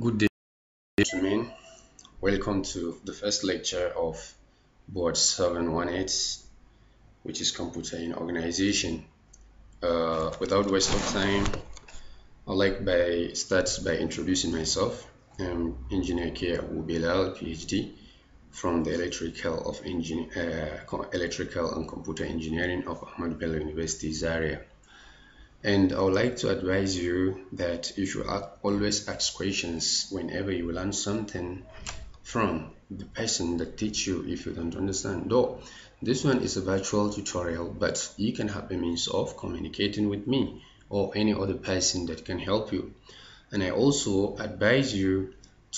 Good day, gentlemen. Welcome to the first lecture of Board 718, which is Computer in Organization. Uh, without waste of time, I'd like by start by introducing myself. I'm Engineer Kia Ubilal, PhD, from the Electrical of Engin uh, Electrical and Computer Engineering of Ahmad Bello University, Zaria and I would like to advise you that you should always ask questions whenever you learn something from the person that teach you if you don't understand though this one is a virtual tutorial but you can have a means of communicating with me or any other person that can help you and I also advise you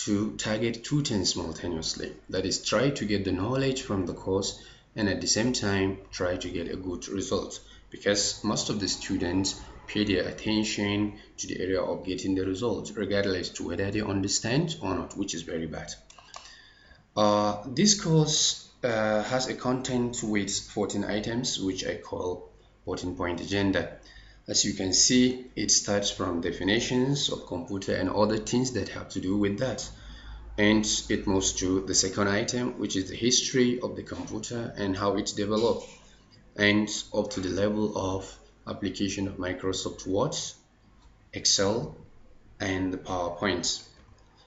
to target two things simultaneously that is try to get the knowledge from the course and at the same time try to get a good result because most of the students pay their attention to the area of getting the results regardless to whether they understand or not which is very bad uh, this course uh, has a content with 14 items which I call 14 point agenda as you can see it starts from definitions of computer and other things that have to do with that and it moves to the second item which is the history of the computer and how it developed and up to the level of application of Microsoft Word, Excel, and the PowerPoint.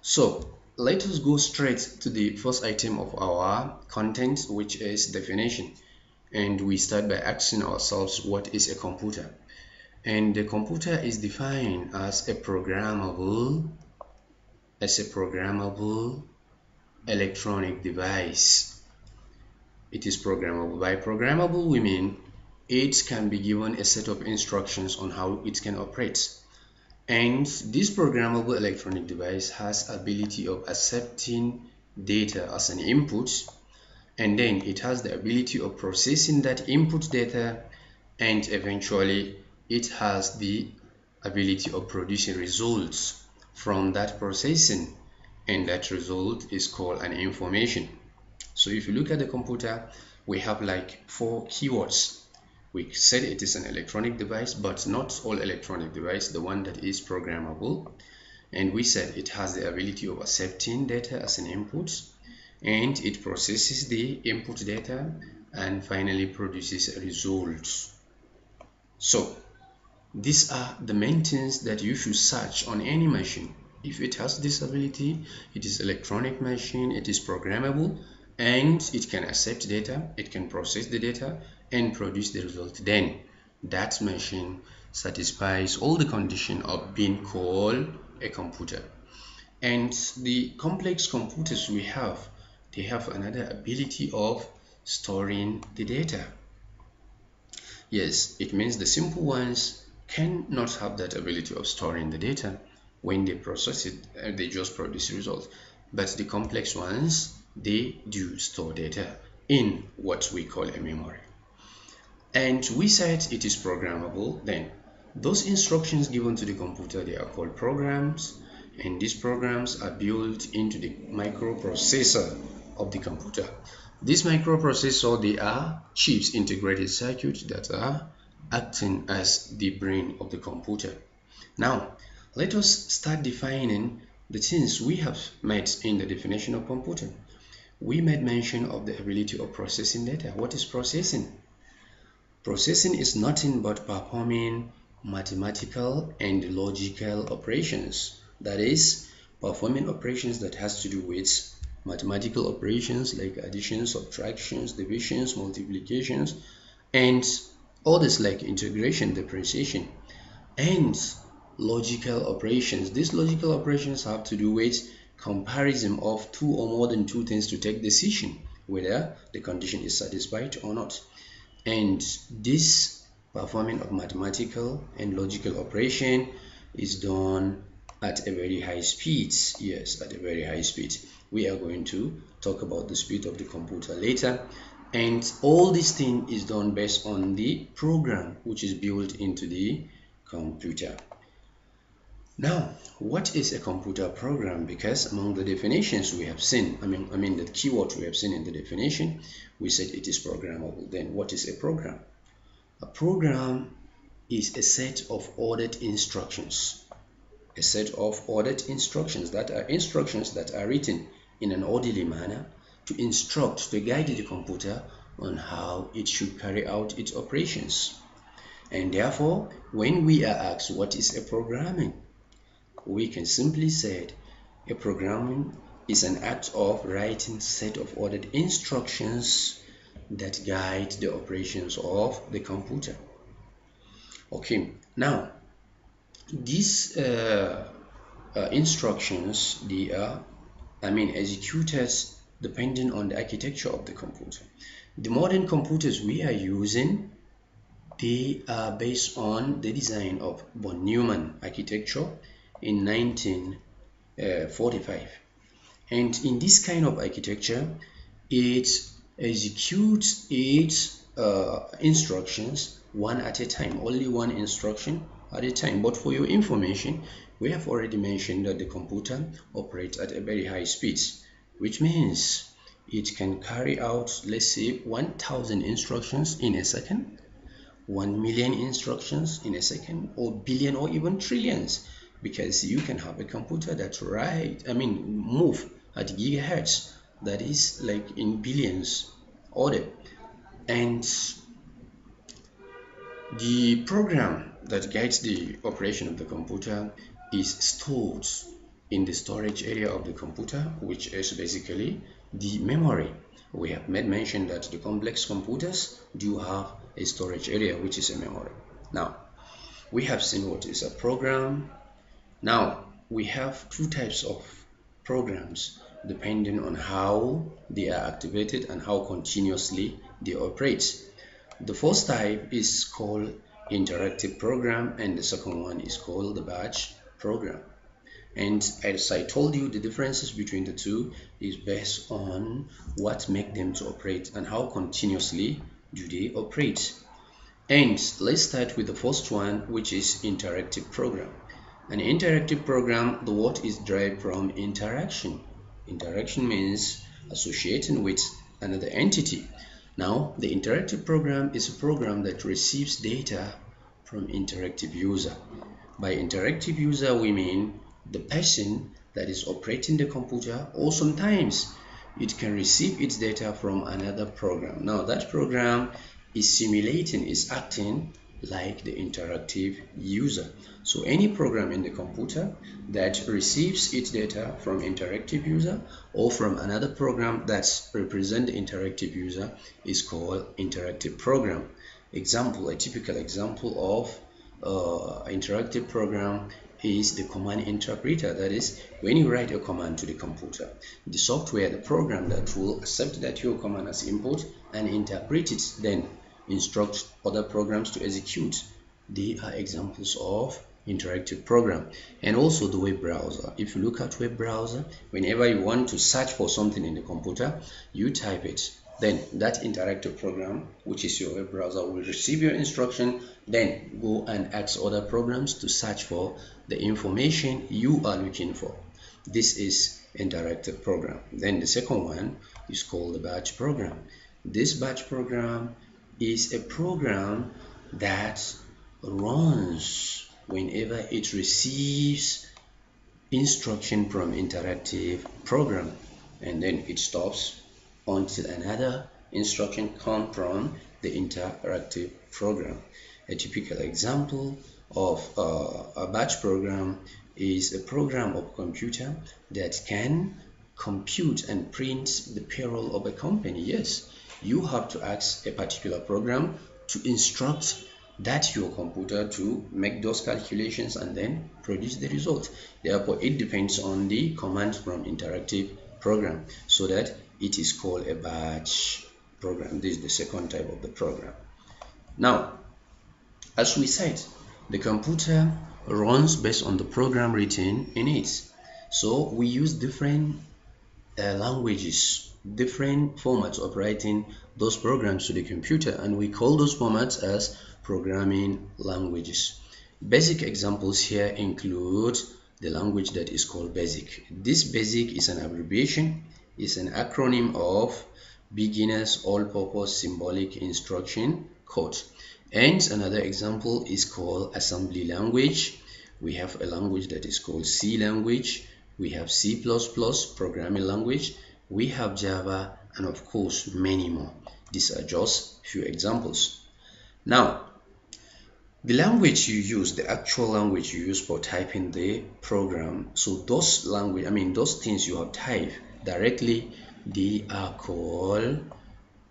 So let us go straight to the first item of our content, which is definition. And we start by asking ourselves what is a computer? And the computer is defined as a programmable as a programmable electronic device. It is programmable. By programmable, we mean it can be given a set of instructions on how it can operate. And this programmable electronic device has ability of accepting data as an input and then it has the ability of processing that input data and eventually it has the ability of producing results from that processing and that result is called an information so if you look at the computer we have like four keywords we said it is an electronic device but not all electronic device the one that is programmable and we said it has the ability of accepting data as an input and it processes the input data and finally produces results. so these are the main things that you should search on any machine if it has this ability it is electronic machine it is programmable and it can accept data it can process the data and produce the result then that machine satisfies all the condition of being called a computer and the complex computers we have they have another ability of storing the data yes it means the simple ones cannot have that ability of storing the data when they process it uh, they just produce results but the complex ones they do store data in what we call a memory and we said it is programmable then those instructions given to the computer they are called programs and these programs are built into the microprocessor of the computer this microprocessor they are chips integrated circuits that are acting as the brain of the computer now let us start defining the things we have met in the definition of computer we made mention of the ability of processing data what is processing Processing is nothing but performing mathematical and logical operations. That is, performing operations that has to do with mathematical operations like additions, subtractions, divisions, multiplications, and others like integration, depreciation, and logical operations. These logical operations have to do with comparison of two or more than two things to take decision whether the condition is satisfied or not and this performing of mathematical and logical operation is done at a very high speed yes at a very high speed we are going to talk about the speed of the computer later and all this thing is done based on the program which is built into the computer now, what is a computer program? Because among the definitions we have seen, I mean, I mean the keyword we have seen in the definition, we said it is programmable. Then what is a program? A program is a set of ordered instructions. A set of ordered instructions that are instructions that are written in an orderly manner to instruct, to guide the computer on how it should carry out its operations. And therefore, when we are asked what is a programming, we can simply say a programming is an act of writing set of ordered instructions that guide the operations of the computer okay now these uh, uh, instructions they are i mean executors depending on the architecture of the computer the modern computers we are using they are based on the design of von neumann architecture in 1945. Uh, and in this kind of architecture, it executes its uh, instructions one at a time, only one instruction at a time. But for your information, we have already mentioned that the computer operates at a very high speed, which means it can carry out, let's say, 1,000 instructions in a second, 1 million instructions in a second, or billion or even trillions because you can have a computer that right I mean move at gigahertz that is like in billions order and the program that guides the operation of the computer is stored in the storage area of the computer which is basically the memory we have made mention that the complex computers do have a storage area which is a memory now we have seen what is a program now we have two types of programs depending on how they are activated and how continuously they operate. The first type is called interactive program and the second one is called the batch program. And as I told you, the differences between the two is based on what make them to operate and how continuously do they operate. And let's start with the first one, which is interactive program. An interactive program, the word is derived from interaction. Interaction means associating with another entity. Now, the interactive program is a program that receives data from interactive user. By interactive user, we mean the person that is operating the computer or sometimes it can receive its data from another program. Now, that program is simulating, is acting like the interactive user. So any program in the computer that receives its data from interactive user or from another program that represents the interactive user is called interactive program. Example, a typical example of uh, interactive program is the command interpreter that is when you write a command to the computer the software the program that will accept that your command as input and interpret it then instruct other programs to execute. They are uh, examples of interactive program and also the web browser if you look at web browser whenever you want to search for something in the computer you type it then that interactive program which is your web browser will receive your instruction then go and ask other programs to search for the information you are looking for this is interactive program then the second one is called the batch program this batch program is a program that runs whenever it receives instruction from interactive program and then it stops until another instruction comes from the interactive program. A typical example of uh, a batch program is a program of computer that can compute and print the payroll of a company. Yes, you have to ask a particular program to instruct that your computer to make those calculations and then produce the result therefore it depends on the command from interactive program so that it is called a batch program this is the second type of the program now as we said the computer runs based on the program written in it so we use different uh, languages different formats of writing those programs to the computer and we call those formats as programming languages. Basic examples here include the language that is called BASIC. This BASIC is an abbreviation, is an acronym of Beginner's All-Purpose Symbolic Instruction Code. And another example is called assembly language. We have a language that is called C language. We have C++ programming language we have Java and of course many more. These are just few examples. Now, the language you use, the actual language you use for typing the program, so those language, I mean those things you have typed directly, they are called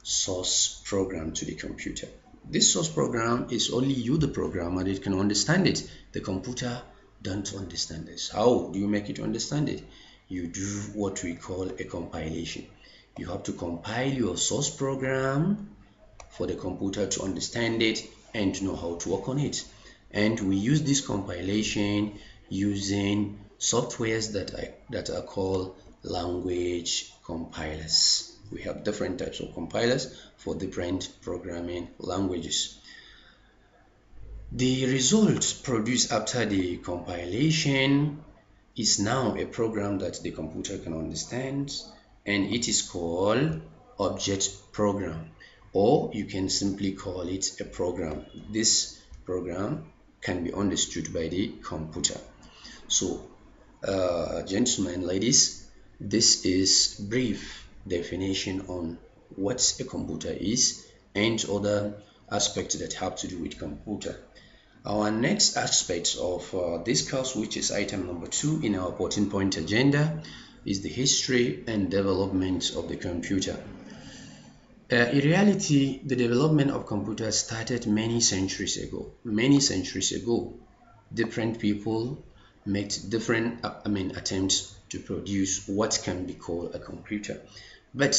source program to the computer. This source program is only you, the programmer, that can understand it. The computer don't understand this. How do you make it understand it? you do what we call a compilation you have to compile your source program for the computer to understand it and know how to work on it and we use this compilation using softwares that I, that are called language compilers we have different types of compilers for different programming languages the results produced after the compilation is now a program that the computer can understand and it is called object program or you can simply call it a program this program can be understood by the computer so uh, gentlemen ladies this is brief definition on what a computer is and other aspects that have to do with computer our next aspect of uh, this course, which is item number two in our 14 point agenda, is the history and development of the computer. Uh, in reality, the development of computers started many centuries ago. Many centuries ago, different people made different uh, I mean, attempts to produce what can be called a computer. But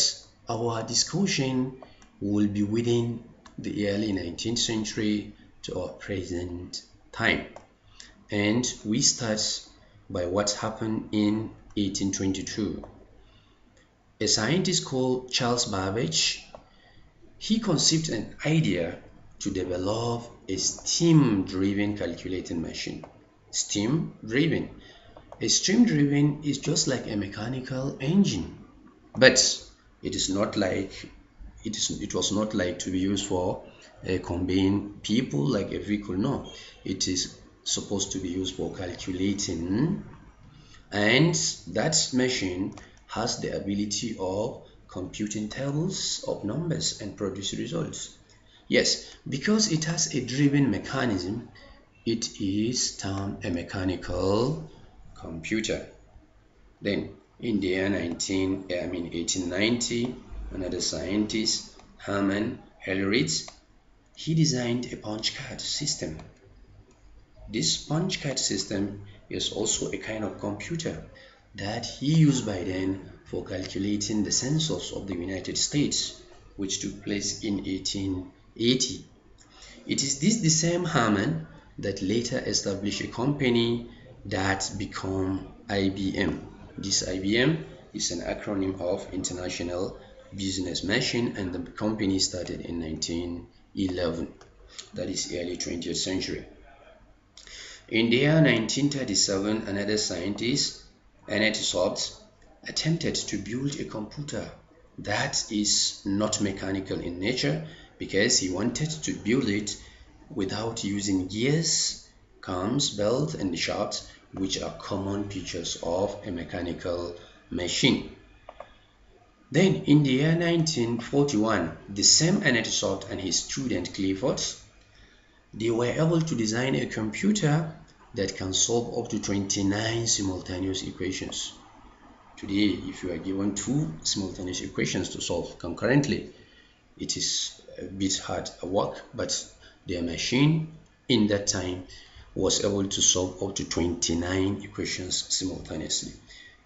our discussion will be within the early 19th century to our present time and we start by what happened in 1822 a scientist called charles babbage he conceived an idea to develop a steam driven calculating machine steam driven a steam driven is just like a mechanical engine but it is not like it is it was not like to be used for uh, combine people like a vehicle no it is supposed to be used for calculating and that machine has the ability of computing tables of numbers and produce results yes because it has a driven mechanism it is termed a mechanical computer then in the year 19 i mean 1890 another scientist herman hellerich he designed a punch card system. This punch card system is also a kind of computer that he used by then for calculating the census of the United States, which took place in 1880. It is this the same Harman that later established a company that became IBM. This IBM is an acronym of International Business Machine and the company started in 19 11, that is early 20th century. In the year 1937, another scientist, Annette Sobs, attempted to build a computer that is not mechanical in nature because he wanted to build it without using gears, cams, belts, and shafts, which are common features of a mechanical machine. Then in the year 1941 the same Anatol and his student Clifford, they were able to design a computer that can solve up to 29 simultaneous equations. Today, if you are given two simultaneous equations to solve concurrently, it is a bit hard work, but their machine in that time was able to solve up to 29 equations simultaneously.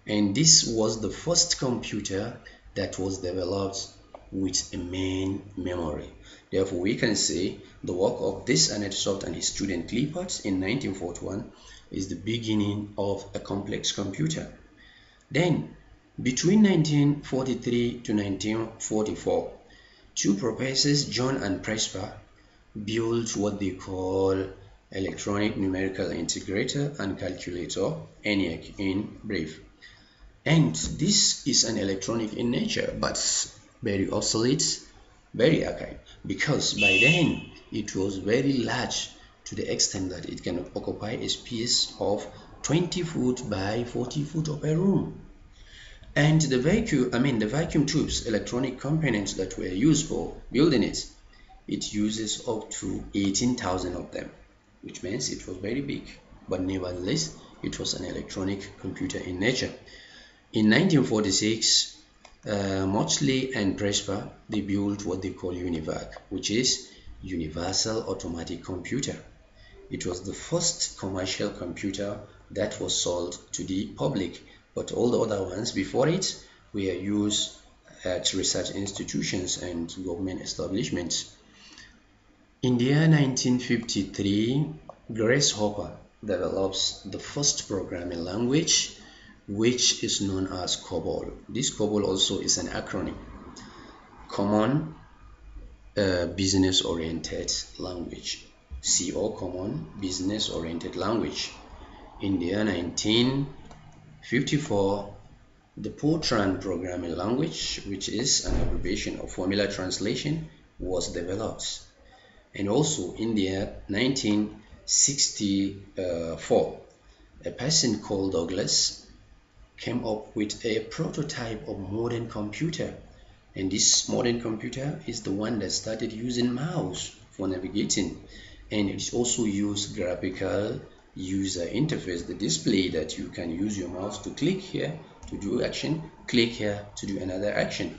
And this was the first computer that was developed with a main memory. Therefore, we can say the work of this Anetsoft and his student Lippert in 1941 is the beginning of a complex computer. Then, between 1943 to 1944, two professors, John and Presper, built what they call Electronic Numerical Integrator and Calculator, ENIAC in brief and this is an electronic in nature but very obsolete very archaic because by then it was very large to the extent that it can occupy a space of 20 foot by 40 foot of a room and the vacuum i mean the vacuum tubes electronic components that were used for building it it uses up to 18,000 of them which means it was very big but nevertheless it was an electronic computer in nature in 1946, uh, and Presper, they built what they call UNIVAC, which is Universal Automatic Computer. It was the first commercial computer that was sold to the public, but all the other ones before it were used at research institutions and government establishments. In the year 1953, Grace Hopper develops the first programming language which is known as COBOL. This COBOL also is an acronym, Common uh, Business Oriented Language. CO, Common Business Oriented Language. In the year 1954, the Fortran programming language, which is an abbreviation of Formula Translation, was developed. And also in the year 1964, a person called Douglas came up with a prototype of modern computer and this modern computer is the one that started using mouse for navigating and it also used graphical user interface the display that you can use your mouse to click here to do action click here to do another action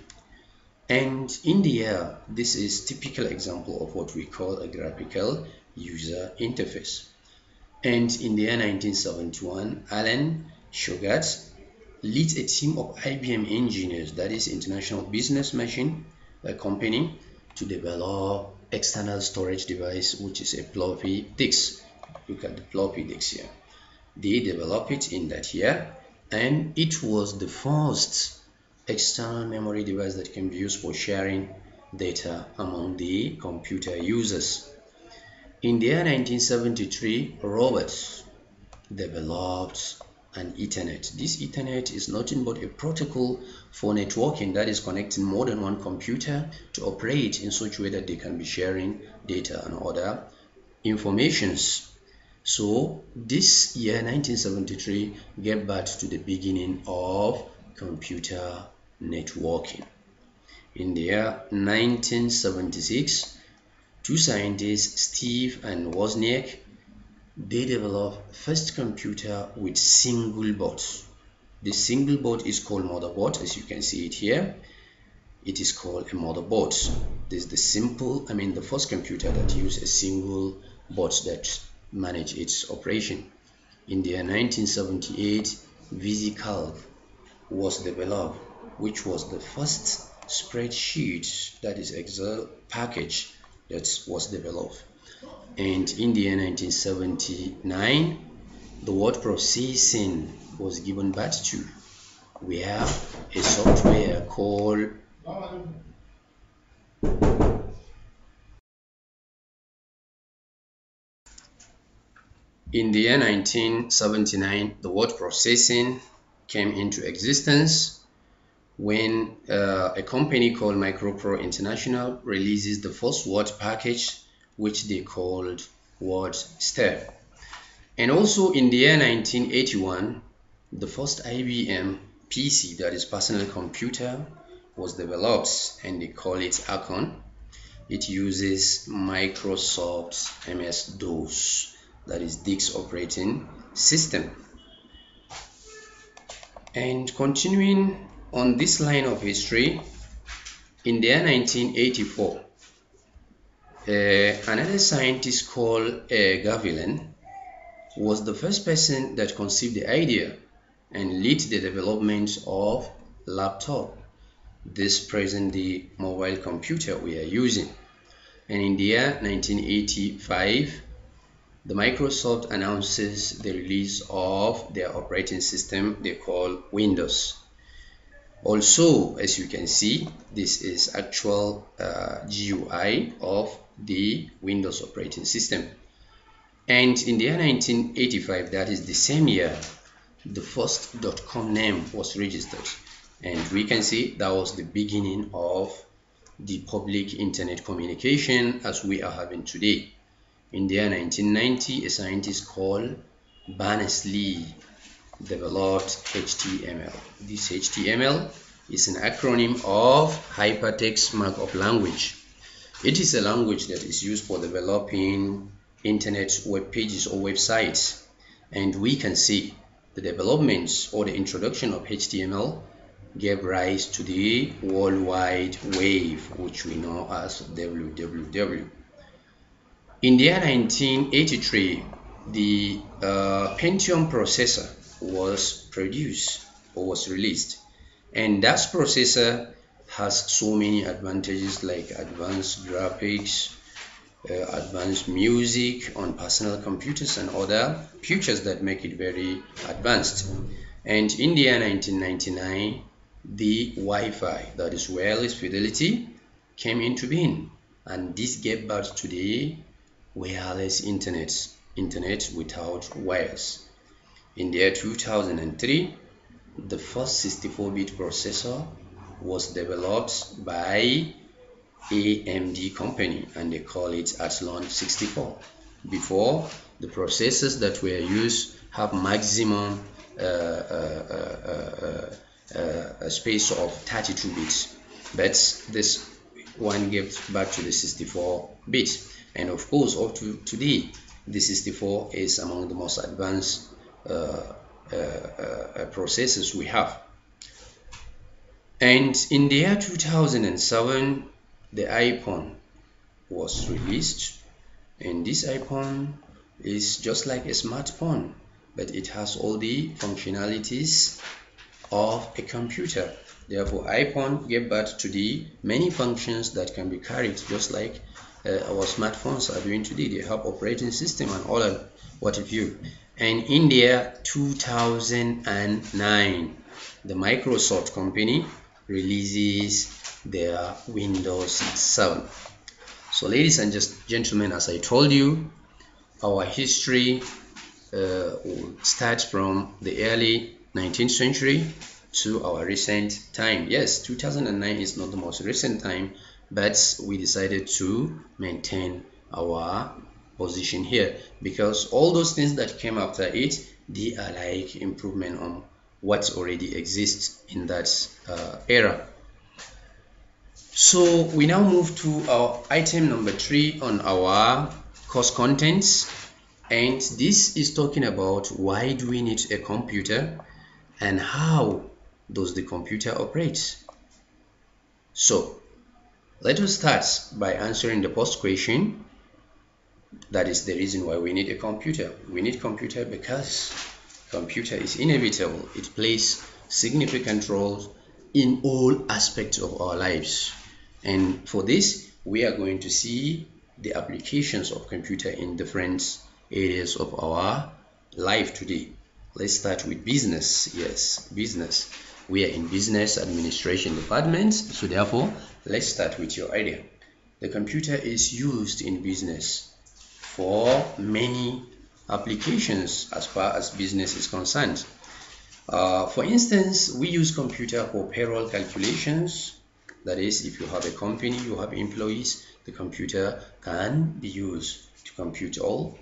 and in the air this is typical example of what we call a graphical user interface and in the year 1971 Alan Shogart leads a team of IBM engineers, that is International Business Machine Company, to develop external storage device, which is a floppy disk. Look at the floppy disk here. They developed it in that year, and it was the first external memory device that can be used for sharing data among the computer users. In the year 1973, Roberts developed an Ethernet. This Ethernet is nothing but a protocol for networking that is connecting more than one computer to operate in such a way that they can be sharing data and other informations. So this year 1973 get back to the beginning of computer networking. In the year 1976, two scientists, Steve and Wozniak, they develop first computer with single board this single board is called motherboard as you can see it here it is called a motherboard this is the simple i mean the first computer that used a single board that manage its operation in the year 1978 VisiCalc was developed which was the first spreadsheet that is excel package that was developed and in the year 1979 the word processing was given birth to we have a software called In the year 1979, the word processing came into existence when uh, a company called MicroPro International releases the first word package which they called Word Stair. And also in the year 1981, the first IBM PC, that is personal computer, was developed and they call it Acorn. It uses Microsoft's MS-DOS, that is DIX Operating System. And continuing on this line of history, in the year 1984, uh, another scientist called uh, Gavilan was the first person that conceived the idea and led the development of laptop, this present-day mobile computer we are using. And in the year 1985, the Microsoft announces the release of their operating system they call Windows also as you can see this is actual uh, GUI of the Windows operating system and in the year 1985 that is the same year the first .com name was registered and we can see that was the beginning of the public internet communication as we are having today. In the year 1990 a scientist called Berners-Lee developed HTML. This HTML is an acronym of Hypertext Markup Language. It is a language that is used for developing internet web pages or websites. And we can see the developments or the introduction of HTML gave rise to the World Wide Wave, which we know as WWW. In the year 1983, the uh, Pentium processor was produced or was released and that processor has so many advantages like advanced graphics uh, advanced music on personal computers and other features that make it very advanced and in the year 1999 the Wi-Fi that is wireless fidelity came into being and this gave birth to the wireless internet internet without wires in the year 2003, the first 64-bit processor was developed by AMD company and they call it Athlon 64. Before, the processors that were used have maximum uh, uh, uh, uh, uh space of 32 bits. But this one gives back to the 64 bit. And of course, up to today, the 64 is among the most advanced uh, uh, uh, processes we have. And in the year 2007, the iPhone was released, and this iPhone is just like a smartphone, but it has all the functionalities of a computer. Therefore, iPhone gave birth to the many functions that can be carried, just like uh, our smartphones are doing today. They have operating system and all of what have you and India 2009 the Microsoft company releases their Windows 7 so ladies and just gentlemen as I told you our history uh, starts from the early 19th century to our recent time yes 2009 is not the most recent time but we decided to maintain our position here because all those things that came after it they are like improvement on what already exists in that uh, era so we now move to our item number three on our course contents and this is talking about why do we need a computer and how does the computer operate so let us start by answering the first question that is the reason why we need a computer we need computer because computer is inevitable it plays significant role in all aspects of our lives and for this we are going to see the applications of computer in different areas of our life today let's start with business yes business we are in business administration department so therefore let's start with your idea the computer is used in business for many applications as far as business is concerned. Uh, for instance, we use computer for payroll calculations. That is, if you have a company, you have employees, the computer can be used to compute all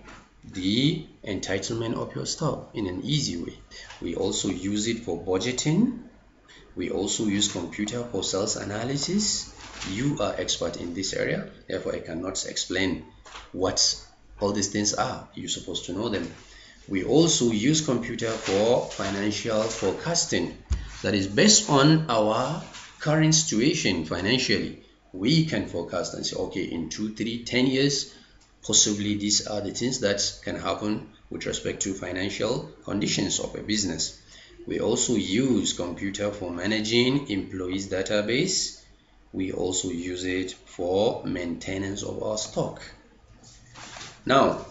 the entitlement of your staff in an easy way. We also use it for budgeting. We also use computer for sales analysis. You are expert in this area, therefore I cannot explain what all these things are. You're supposed to know them. We also use computer for financial forecasting that is based on our current situation financially. We can forecast and say, okay, in two, three, ten years, possibly these are the things that can happen with respect to financial conditions of a business. We also use computer for managing employees database. We also use it for maintenance of our stock. Now,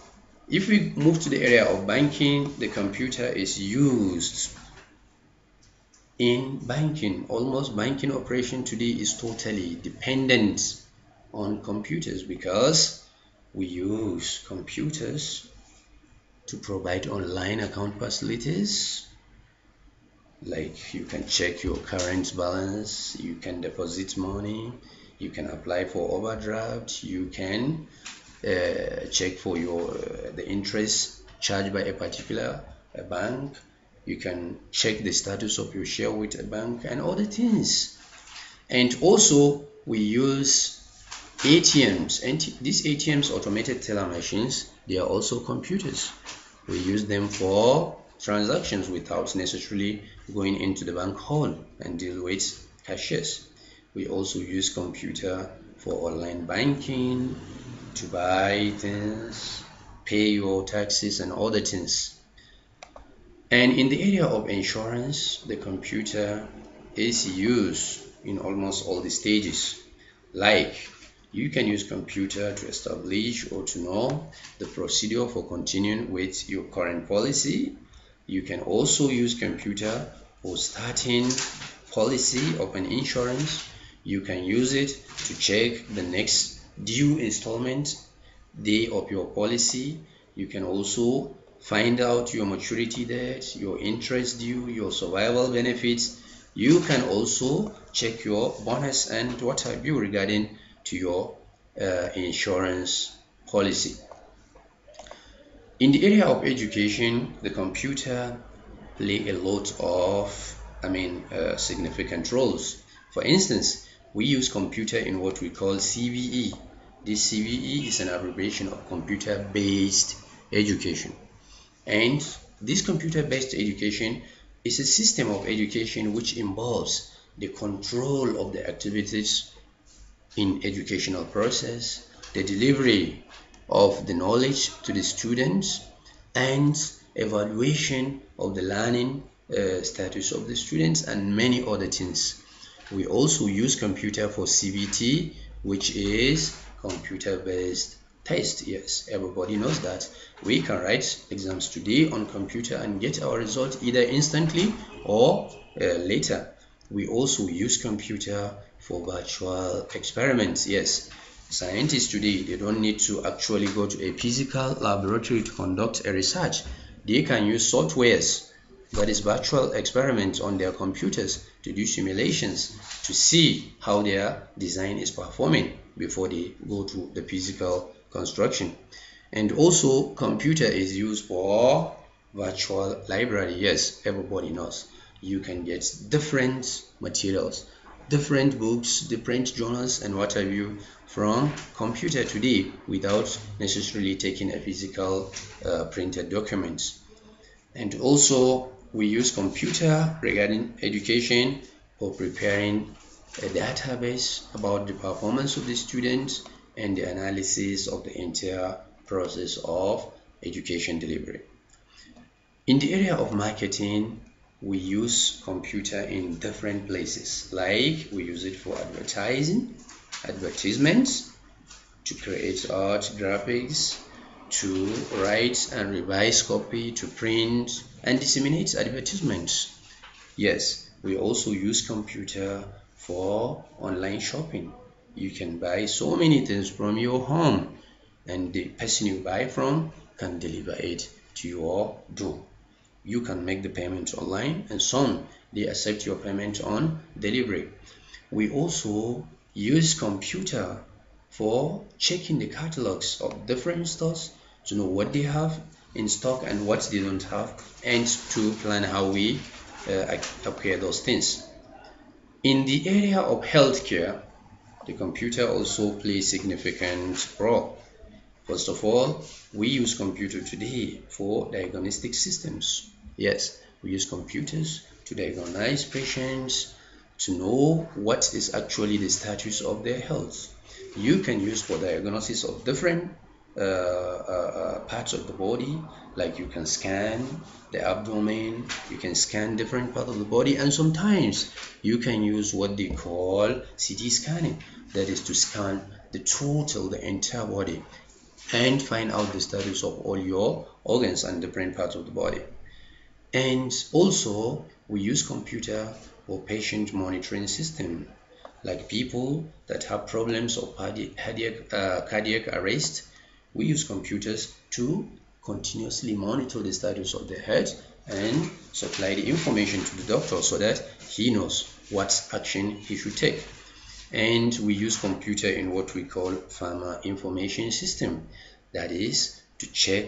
if we move to the area of banking, the computer is used in banking. Almost banking operation today is totally dependent on computers because we use computers to provide online account facilities like you can check your current balance you can deposit money you can apply for overdraft you can uh, check for your uh, the interest charged by a particular bank you can check the status of your share with a bank and other things and also we use ATMs and these ATMs automated teller machines they are also computers we use them for transactions without necessarily going into the bank hall and deal with cashiers we also use computer for online banking to buy things, pay your taxes and other things. And in the area of insurance, the computer is used in almost all the stages. Like you can use computer to establish or to know the procedure for continuing with your current policy. You can also use computer for starting policy of an insurance. You can use it to check the next due installment day of your policy you can also find out your maturity date your interest due your survival benefits you can also check your bonus and what have you regarding to your uh, insurance policy in the area of education the computer play a lot of i mean uh, significant roles for instance we use computer in what we call cve the CVE is an abbreviation of computer-based education. And this computer-based education is a system of education which involves the control of the activities in educational process, the delivery of the knowledge to the students, and evaluation of the learning uh, status of the students and many other things. We also use computer for CBT, which is computer-based test. Yes, everybody knows that. We can write exams today on computer and get our result either instantly or uh, later. We also use computer for virtual experiments. Yes, scientists today, they don't need to actually go to a physical laboratory to conduct a research. They can use softwares that is virtual experiments on their computers to do simulations to see how their design is performing before they go to the physical construction and also computer is used for virtual library yes everybody knows you can get different materials different books different journals and what have you from computer today without necessarily taking a physical uh, printed document and also we use computer regarding education for preparing a database about the performance of the students and the analysis of the entire process of education delivery. In the area of marketing, we use computer in different places like we use it for advertising, advertisements, to create art, graphics, to write and revise copy, to print and disseminate advertisements. Yes, we also use computer for online shopping you can buy so many things from your home and the person you buy from can deliver it to your door you can make the payment online and soon they accept your payment on delivery we also use computer for checking the catalogs of different stores to know what they have in stock and what they don't have and to plan how we uh, acquire those things in the area of healthcare, the computer also plays significant role. First of all, we use computer today for diagnostic systems. Yes, we use computers to diagnose patients, to know what is actually the status of their health. You can use for diagnosis of different uh, uh, uh parts of the body like you can scan the abdomen you can scan different part of the body and sometimes you can use what they call CT scanning that is to scan the total the entire body and find out the status of all your organs and different parts of the body and also we use computer or patient monitoring system like people that have problems of cardiac, uh, cardiac arrest we use computers to continuously monitor the status of the health and supply the information to the doctor so that he knows what action he should take. And we use computer in what we call pharma information system, that is to check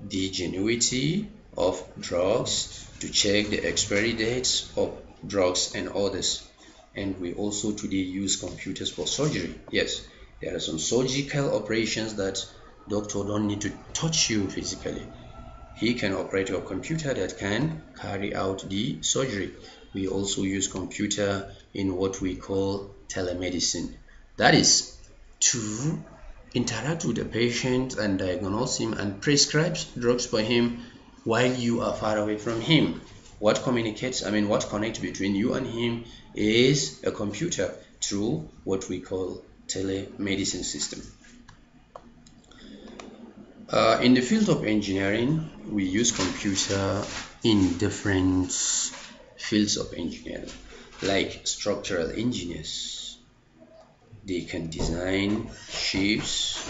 the genuity of drugs, to check the expiry dates of drugs and others. And we also today use computers for surgery. Yes, there are some surgical operations that Doctor don't need to touch you physically. He can operate your computer that can carry out the surgery. We also use computer in what we call telemedicine. That is to interact with the patient and diagnose him and prescribe drugs for him while you are far away from him. What communicates, I mean, what connects between you and him is a computer through what we call telemedicine system. Uh, in the field of engineering, we use computer in different fields of engineering, like structural engineers. They can design ships,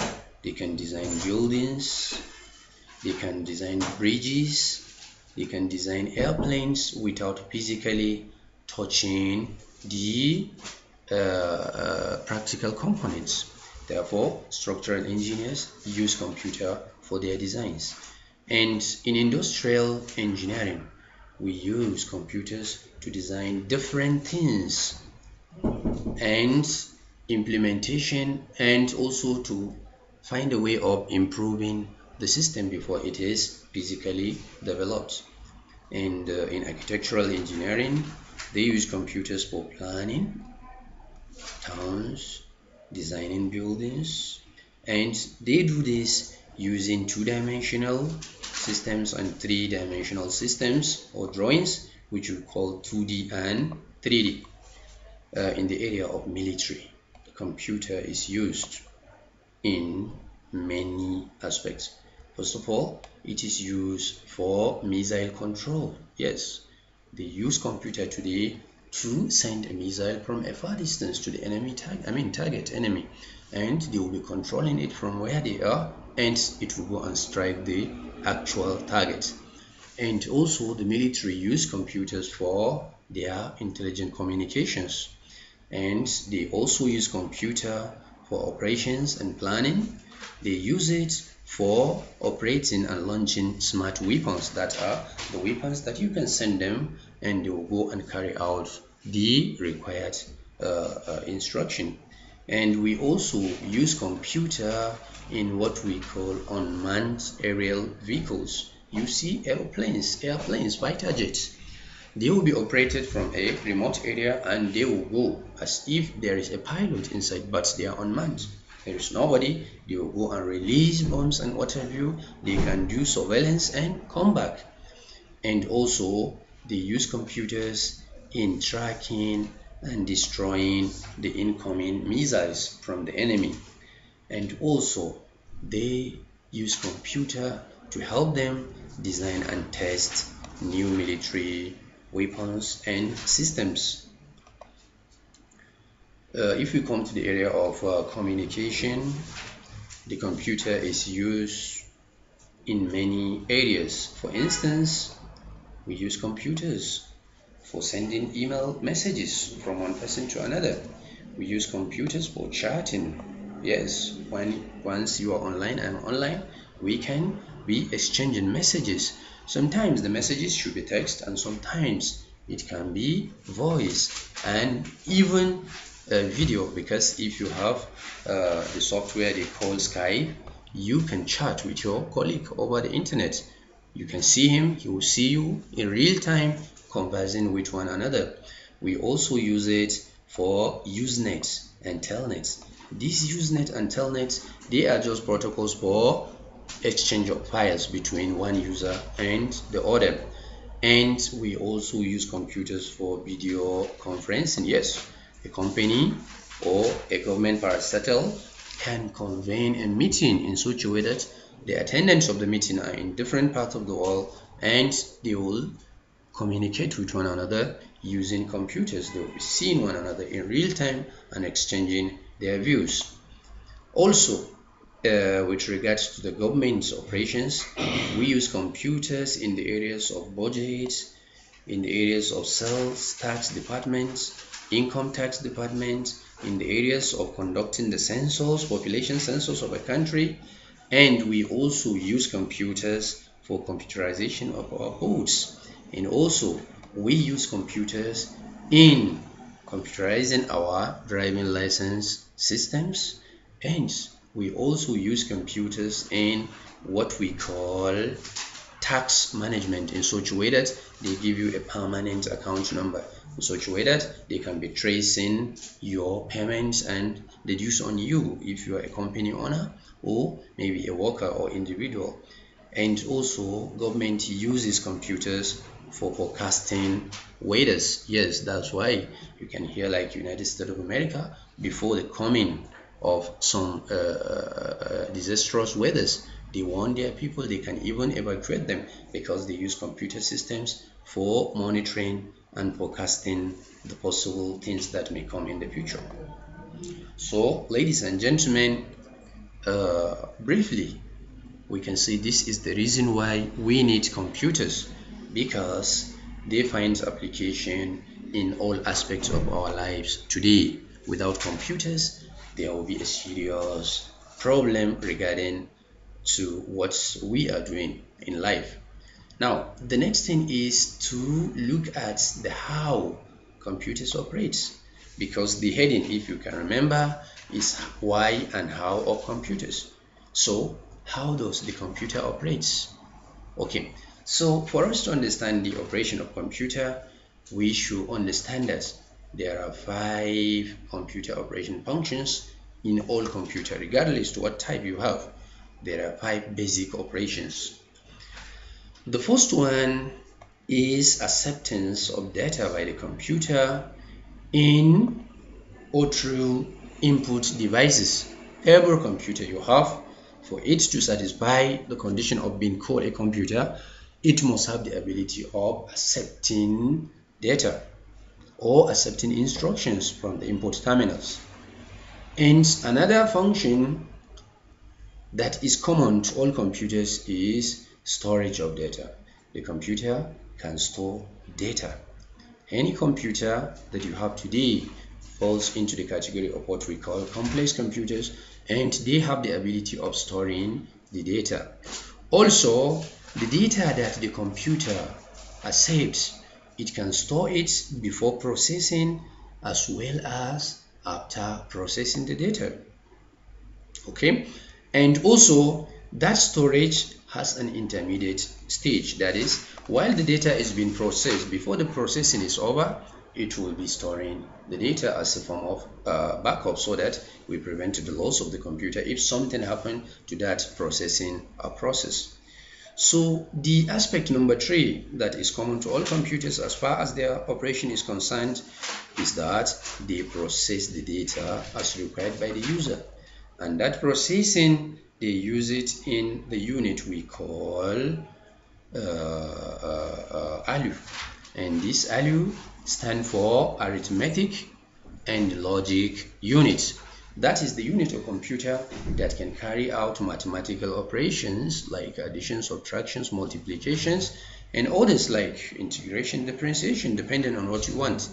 they can design buildings, they can design bridges, they can design airplanes without physically touching the uh, uh, practical components. Therefore, structural engineers use computer for their designs. And in industrial engineering, we use computers to design different things and implementation and also to find a way of improving the system before it is physically developed. And uh, in architectural engineering, they use computers for planning, towns, designing buildings, and they do this using two-dimensional systems and three-dimensional systems or drawings which we call 2D and 3D uh, in the area of military the computer is used in many aspects first of all it is used for missile control yes they use computer today to send a missile from a far distance to the enemy target i mean target enemy and they will be controlling it from where they are and it will go and strike the actual target and also the military use computers for their intelligent communications and they also use computer for operations and planning they use it for operating and launching smart weapons that are the weapons that you can send them and they will go and carry out the required uh, uh, instruction and we also use computer in what we call unmanned aerial vehicles you see airplanes airplanes fighter jets they will be operated from a remote area and they will go as if there is a pilot inside but they are unmanned there is nobody they will go and release bombs and what have you they can do surveillance and come back and also they use computers in tracking and destroying the incoming missiles from the enemy and also they use computer to help them design and test new military weapons and systems uh, if we come to the area of uh, communication the computer is used in many areas for instance we use computers for sending email messages from one person to another. We use computers for chatting. Yes, when once you are online, and online, we can be exchanging messages. Sometimes the messages should be text and sometimes it can be voice and even video because if you have uh, the software they call Skype, you can chat with your colleague over the internet. You can see him, he will see you in real time conversing with one another. We also use it for Usenet and Telnet. These Usenet and Telnet, they are just protocols for exchange of files between one user and the other. And we also use computers for video conferencing. Yes, a company or a government parastatal can convene a meeting in such a way that the attendants of the meeting are in different parts of the world and they will communicate with one another using computers. They will be seeing one another in real time and exchanging their views. Also, uh, with regards to the government's operations, we use computers in the areas of budgets, in the areas of sales tax departments, income tax departments, in the areas of conducting the census, population census of a country, and we also use computers for computerization of our votes and also we use computers in computerizing our driving license systems and we also use computers in what we call tax management in such a way that they give you a permanent account number in such a way that they can be tracing your payments and deduce on you if you are a company owner or maybe a worker or individual and also government uses computers for forecasting weather, Yes, that's why you can hear like United States of America before the coming of some uh, uh, disastrous weathers. They warn their people, they can even evacuate them because they use computer systems for monitoring and forecasting the possible things that may come in the future. So, ladies and gentlemen, uh, briefly, we can see this is the reason why we need computers because they find application in all aspects of our lives today without computers there will be a serious problem regarding to what we are doing in life now the next thing is to look at the how computers operate. because the heading if you can remember is why and how of computers so how does the computer operates okay so for us to understand the operation of computer, we should understand that there are five computer operation functions in all computer, regardless to what type you have. There are five basic operations. The first one is acceptance of data by the computer in or through input devices. Every computer you have, for it to satisfy the condition of being called a computer, it must have the ability of accepting data or accepting instructions from the input terminals. And another function that is common to all computers is storage of data. The computer can store data. Any computer that you have today falls into the category of what we call complex computers and they have the ability of storing the data. Also, the data that the computer accepts, it can store it before processing as well as after processing the data. Okay, and also that storage has an intermediate stage that is while the data is being processed before the processing is over it will be storing the data as a form of uh, backup so that we prevent the loss of the computer if something happened to that processing uh, process so the aspect number three that is common to all computers as far as their operation is concerned is that they process the data as required by the user. And that processing, they use it in the unit we call uh, uh, uh, ALU. And this ALU stands for Arithmetic and Logic Unit. That is the unit of computer that can carry out mathematical operations like addition, subtractions, multiplications, and others like integration, differentiation, depending on what you want.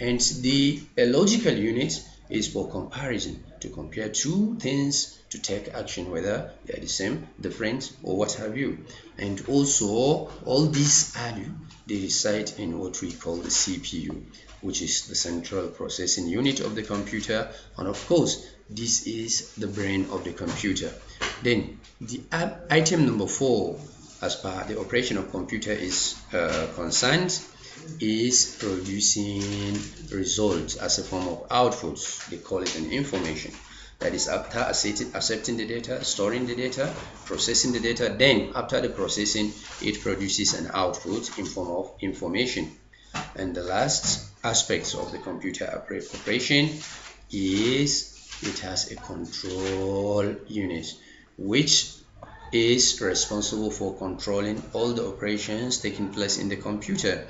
And the logical unit is for comparison, to compare two things to take action, whether they are the same, different, or what have you. And also, all these are they reside in what we call the CPU which is the central processing unit of the computer and of course this is the brain of the computer then the item number four as per the operation of computer is uh, concerned is producing results as a form of outputs they call it an information that is after accepting the data storing the data processing the data then after the processing it produces an output in form of information and the last aspects of the computer operation is it has a control unit which is responsible for controlling all the operations taking place in the computer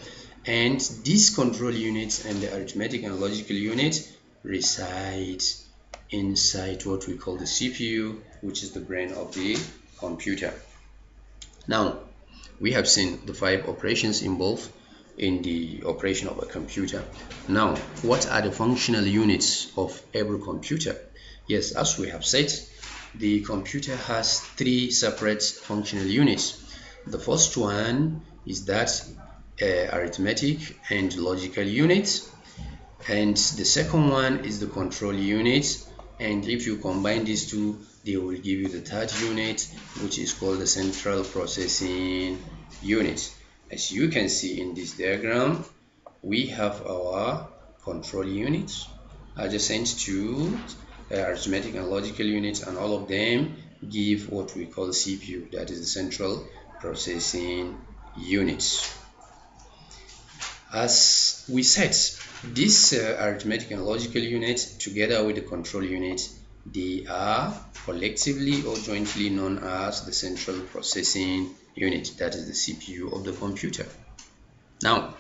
and these control units and the arithmetic and logical unit reside inside what we call the CPU which is the brain of the computer now we have seen the five operations involved in the operation of a computer. Now, what are the functional units of every computer? Yes, as we have said, the computer has three separate functional units. The first one is that uh, arithmetic and logical unit and the second one is the control unit and if you combine these two they will give you the third unit which is called the central processing unit as you can see in this diagram we have our control units adjacent to uh, arithmetic and logical units and all of them give what we call CPU that is the central processing units as we said this uh, arithmetic and logical units, together with the control units, they are collectively or jointly known as the central processing unit, that is the CPU of the computer. Now,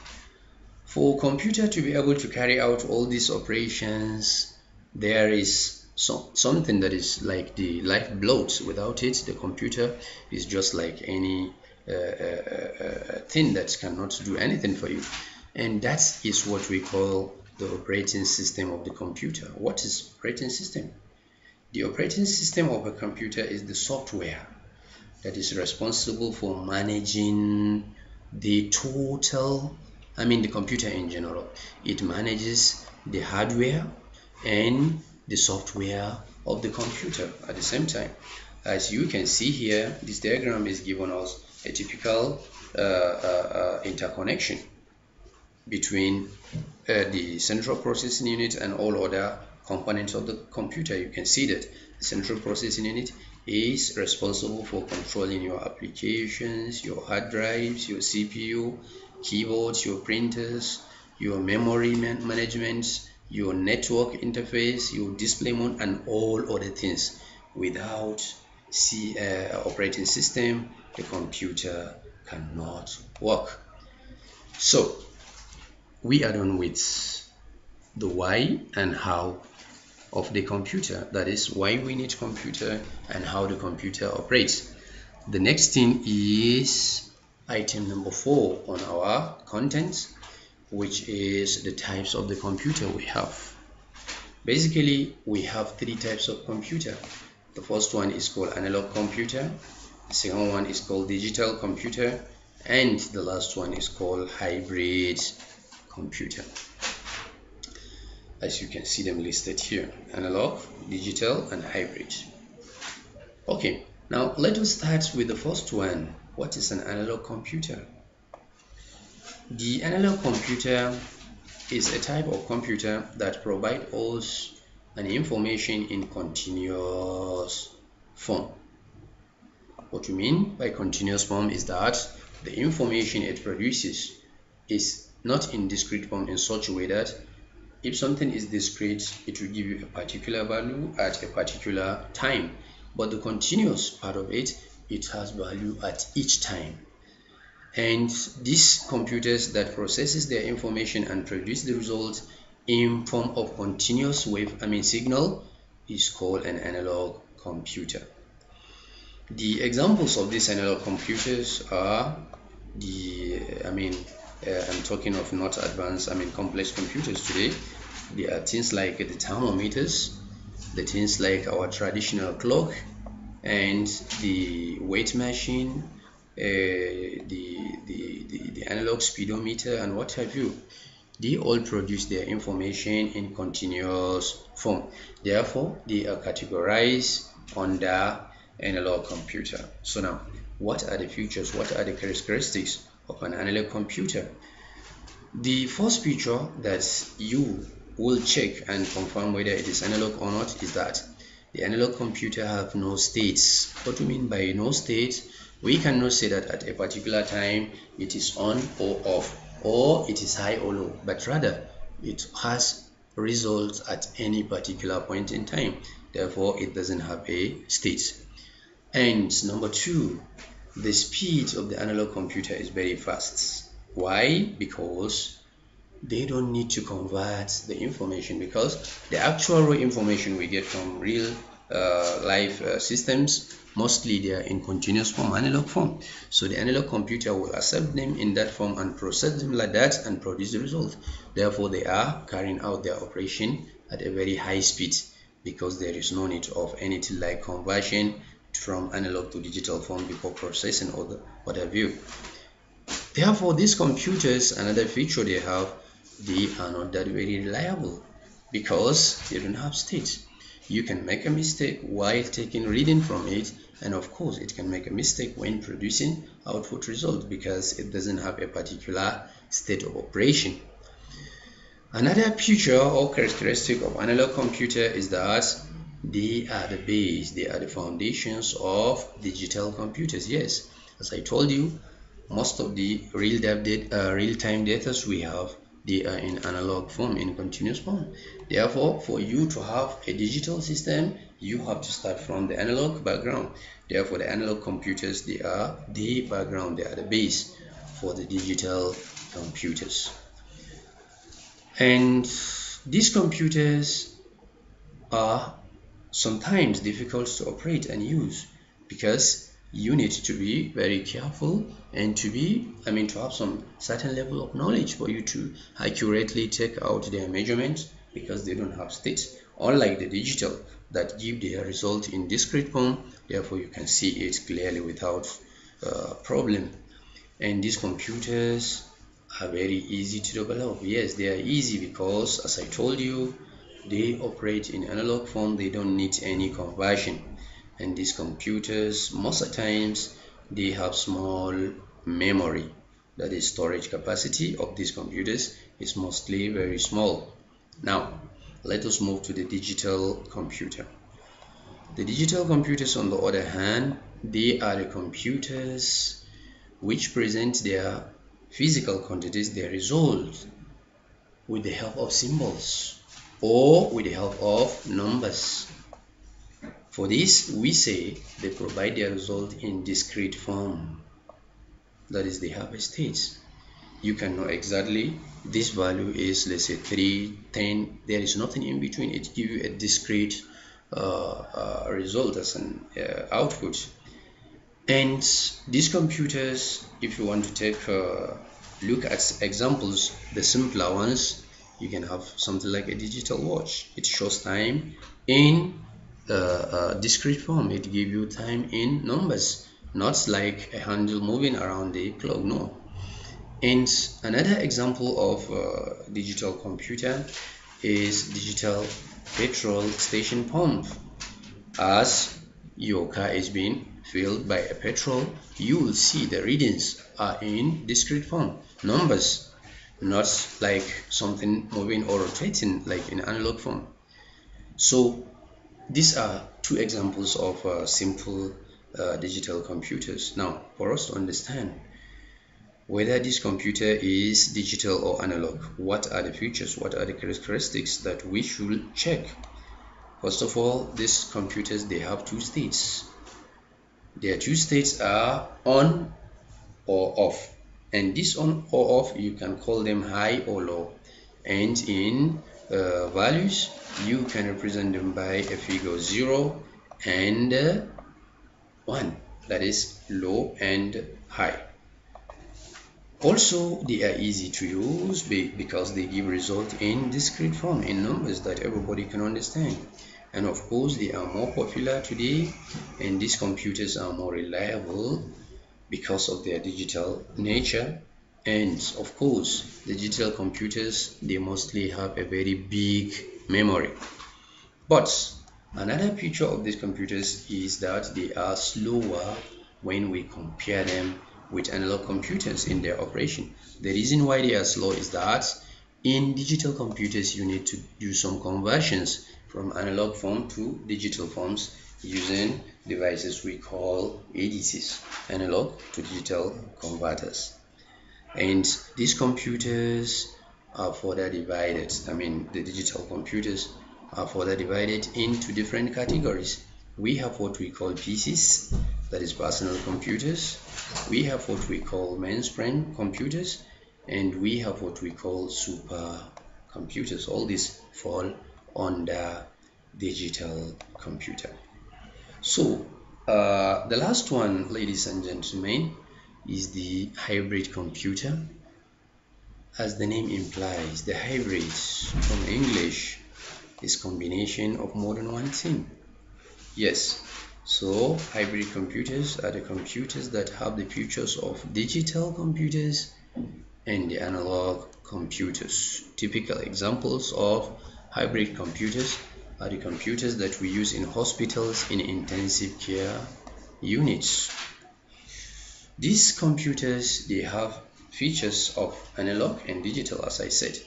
for computer to be able to carry out all these operations, there is so, something that is like the lifeblood. Without it, the computer is just like any uh uh, uh, uh, thing that cannot do anything for you. And that is what we call the operating system of the computer. What is operating system? The operating system of a computer is the software that is responsible for managing the total I mean the computer in general it manages the hardware and the software of the computer at the same time as you can see here this diagram is given us a typical uh, uh, uh, interconnection between uh, the central processing unit and all other components of the computer you can see that the central processing unit is responsible for controlling your applications, your hard drives, your CPU, keyboards, your printers, your memory man management, your network interface, your display mode, and all other things without uh, operating system, the computer cannot work. So we are done with the why and how of the computer. That is why we need computer and how the computer operates. The next thing is item number four on our contents, which is the types of the computer we have. Basically, we have three types of computer. The first one is called analog computer, the second one is called digital computer, and the last one is called hybrid computer as you can see them listed here analog digital and hybrid Okay, now let us start with the first one. What is an analog computer? The analog computer is a type of computer that provides us an information in continuous form. What we mean by continuous form is that the information it produces is not in discrete form in such a way that if something is discrete, it will give you a particular value at a particular time but the continuous part of it it has value at each time and these computers that processes their information and produce the result in form of continuous wave i mean signal is called an analog computer the examples of these analog computers are the i mean uh, i'm talking of not advanced i mean complex computers today there are things like the thermometers the things like our traditional clock and the weight machine, uh, the, the, the, the analog speedometer and what have you. They all produce their information in continuous form. Therefore, they are categorized under analog computer. So now, what are the features, what are the characteristics of an analog computer? The first feature that you will check and confirm whether it is analog or not is that the analog computer have no states what do you mean by no states? we cannot say that at a particular time it is on or off or it is high or low but rather it has results at any particular point in time therefore it doesn't have a state and number two the speed of the analog computer is very fast why because they don't need to convert the information because the actual raw information we get from real uh, live uh, systems mostly they are in continuous form analog form so the analog computer will accept them in that form and process them like that and produce the result therefore they are carrying out their operation at a very high speed because there is no need of anything like conversion from analog to digital form before processing or the, what have you therefore these computers another feature they have they are not that very reliable because they don't have states you can make a mistake while taking reading from it and of course it can make a mistake when producing output results because it doesn't have a particular state of operation another feature or characteristic of analog computer is that they are the base they are the foundations of digital computers yes as i told you most of the real-time data uh, real data we have they are in analog form in continuous form therefore for you to have a digital system you have to start from the analog background therefore the analog computers they are the background they are the base for the digital computers and these computers are sometimes difficult to operate and use because you need to be very careful and to be i mean to have some certain level of knowledge for you to accurately take out their measurements because they don't have states unlike the digital that give their result in discrete form therefore you can see it clearly without uh, problem and these computers are very easy to develop yes they are easy because as i told you they operate in analog form they don't need any conversion and these computers most of the times they have small memory that is storage capacity of these computers is mostly very small now let us move to the digital computer the digital computers on the other hand they are the computers which present their physical quantities their results with the help of symbols or with the help of numbers for this, we say they provide their result in discrete form. That is, they have a stage. You can know exactly this value is, let's say, 3, 10. There is nothing in between. It gives you a discrete uh, uh, result as an uh, output. And these computers, if you want to take a look at examples, the simpler ones, you can have something like a digital watch. It shows time in discrete form it give you time in numbers not like a handle moving around the clock no and another example of uh, digital computer is digital petrol station pump. As your car is being filled by a petrol, you will see the readings are in discrete form, numbers, not like something moving or rotating like in analog form. So these are two examples of uh, simple uh, digital computers. Now, for us to understand whether this computer is digital or analog, what are the features, what are the characteristics that we should check? First of all, these computers, they have two states. Their two states are on or off. And this on or off, you can call them high or low. And in uh, values you can represent them by a figure 0 and uh, 1 that is low and high also they are easy to use because they give result in discrete form in numbers that everybody can understand and of course they are more popular today and these computers are more reliable because of their digital nature and of course digital computers they mostly have a very big memory but another feature of these computers is that they are slower when we compare them with analog computers in their operation the reason why they are slow is that in digital computers you need to do some conversions from analog form to digital forms using devices we call ADCs analog to digital converters and these computers are further divided i mean the digital computers are further divided into different categories we have what we call pcs that is personal computers we have what we call mainframe computers and we have what we call super computers all these fall under digital computer so uh, the last one ladies and gentlemen is the hybrid computer. As the name implies, the hybrid from English is combination of more than one thing. Yes, so hybrid computers are the computers that have the features of digital computers and the analog computers. Typical examples of hybrid computers are the computers that we use in hospitals in intensive care units these computers they have features of analog and digital as I said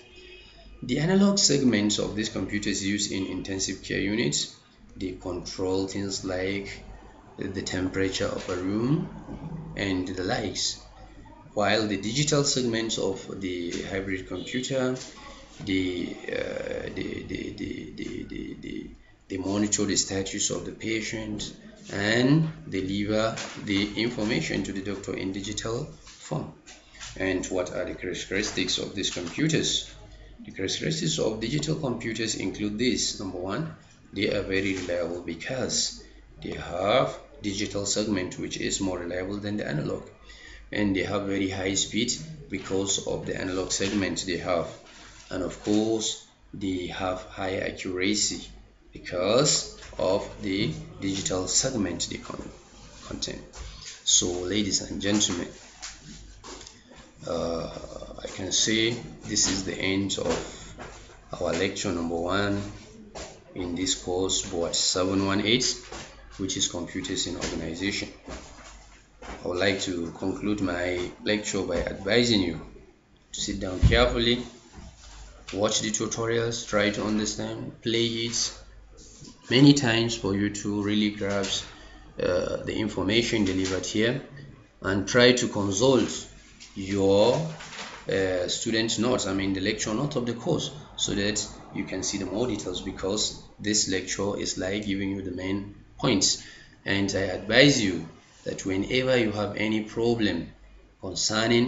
the analog segments of these computers used in intensive care units they control things like the temperature of a room and the likes while the digital segments of the hybrid computer uh, they, they, they, they, they, monitor the status of the patient and deliver the information to the doctor in digital form. And what are the characteristics of these computers? The characteristics of digital computers include this. Number one, they are very reliable because they have digital segment which is more reliable than the analog and they have very high speed because of the analog segment they have and of course they have high accuracy because of the digital segment they content. So ladies and gentlemen, uh, I can say this is the end of our lecture number one in this course board 718 which is computers in organization. I would like to conclude my lecture by advising you to sit down carefully, watch the tutorials, try to understand, play it, many times for you to really grasp uh, the information delivered here and try to consult your uh, student notes I mean the lecture notes of the course so that you can see the more details because this lecture is like giving you the main points and I advise you that whenever you have any problem concerning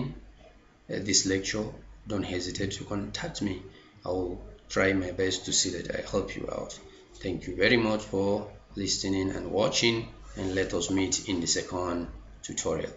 uh, this lecture don't hesitate to contact me I will try my best to see that I help you out Thank you very much for listening and watching and let us meet in the second tutorial.